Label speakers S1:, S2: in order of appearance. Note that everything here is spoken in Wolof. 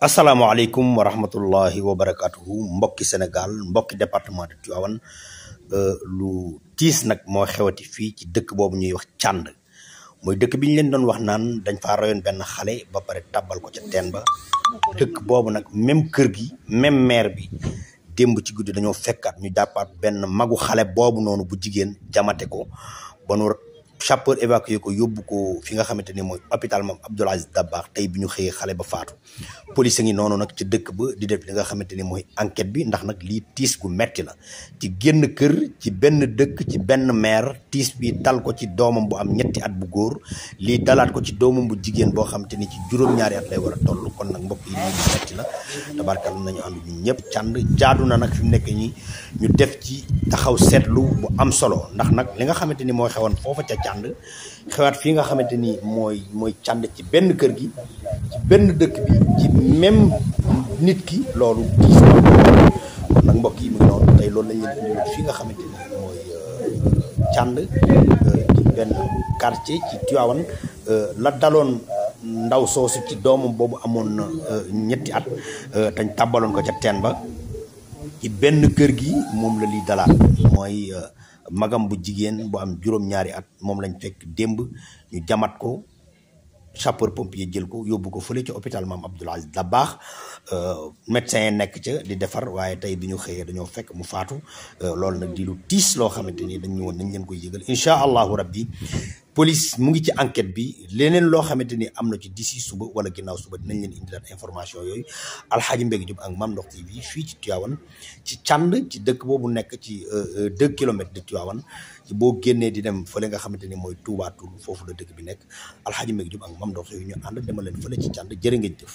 S1: asalaamaaleykum wa rahmatullahi wa barakatuhu mbokki Sénégal mbokki département de Tivaouane euh, lu tiis nag moo xewati fii ci dëkk boobu ñuy wax cànd mooy dëkk bi leen doon wax naan dañ faa rayoon benn xale ba pare tabbal ko ca teen ba dëkk boobu nag même kër gi même maire bi démb ci guddi dañoo fekkaat ñu jàppaat benn magu xale boobu noonu bu jigéen jamate ko ba nu sapeur évacué ko yóbbu ko fi nga xamante ne mooy hôpital moom Abdoul Aziz Dabakh tey bi ñu xëyee xale ba faatu police ngi noonu nag ci dëkk ba di def li nga xamante ni mooy enquête bi ndax nag lii tiis gu metti la ci génn kër ci benn dëkk ci benn maire tiis bi dal ko ci doomam bu am ñetti at bu góor lii dalaat ko ci doomam bu jigéen boo xamante ni ci juróom-ñaari at lay war a kon nag mbokk yi lii lu metti la tabarkal nañu ànd ñu ñëpp cànd jaadu na nag fi mu nekk ñi ñu def ci taxaw seetlu bu am solo ndax nag li nga xamante ni mooy xewoon foofa ca cànd xewaat fii nga xamante ni mooy mooy cànd ci benn kër gi ci benn dëkk bi ci même nit ki loolu diis na kon mbokk yi mu ngi noonu tey loolu lañ leen nga xamante ni mooy euh, cànd euh, ci benn quartier ci Tivaouane euh, la daloon ndaw soosu ci doomam boobu amoon ñetti at tañ tàbbaloon ko ca teen ba ci benn kër gi moom la li dalaat mooy euh, magam bu jigéen bu am juróom-ñaari at moom lañ fekk démb ñu jamat ko sapeur pompier jël ko yóbbu ko fële ci hôpital maam Abdoul Aziz baax euh, médecin yi nekk ca di defar waaye tey bi ñu xëyee dañoo fekk mu faatu euh, loolu nag di lu tiis loo xamante ni dañ woon nañ leen koy yëgal incha allahu rabbi police mu ngi ci enquête bi leneen loo xamante ni am na ci d'ici suba wala ginnaaw suba dinañ leen indilaat information yooyu alxaaji Mbégi jub ak Mame Ndokh TV fii ci Tivaouane ci cànd ci dëkk boobu nekk ci euh, euh, deux kilomètres de Tivaouane boo génnee di dem fële nga xamante ni mooy Touba Toul foofu la dëkk bi nekk alxaaji Mbégi jub ak Mame Ndokh TV ñu la dema leen fële ci cànd jërë ngeen jëf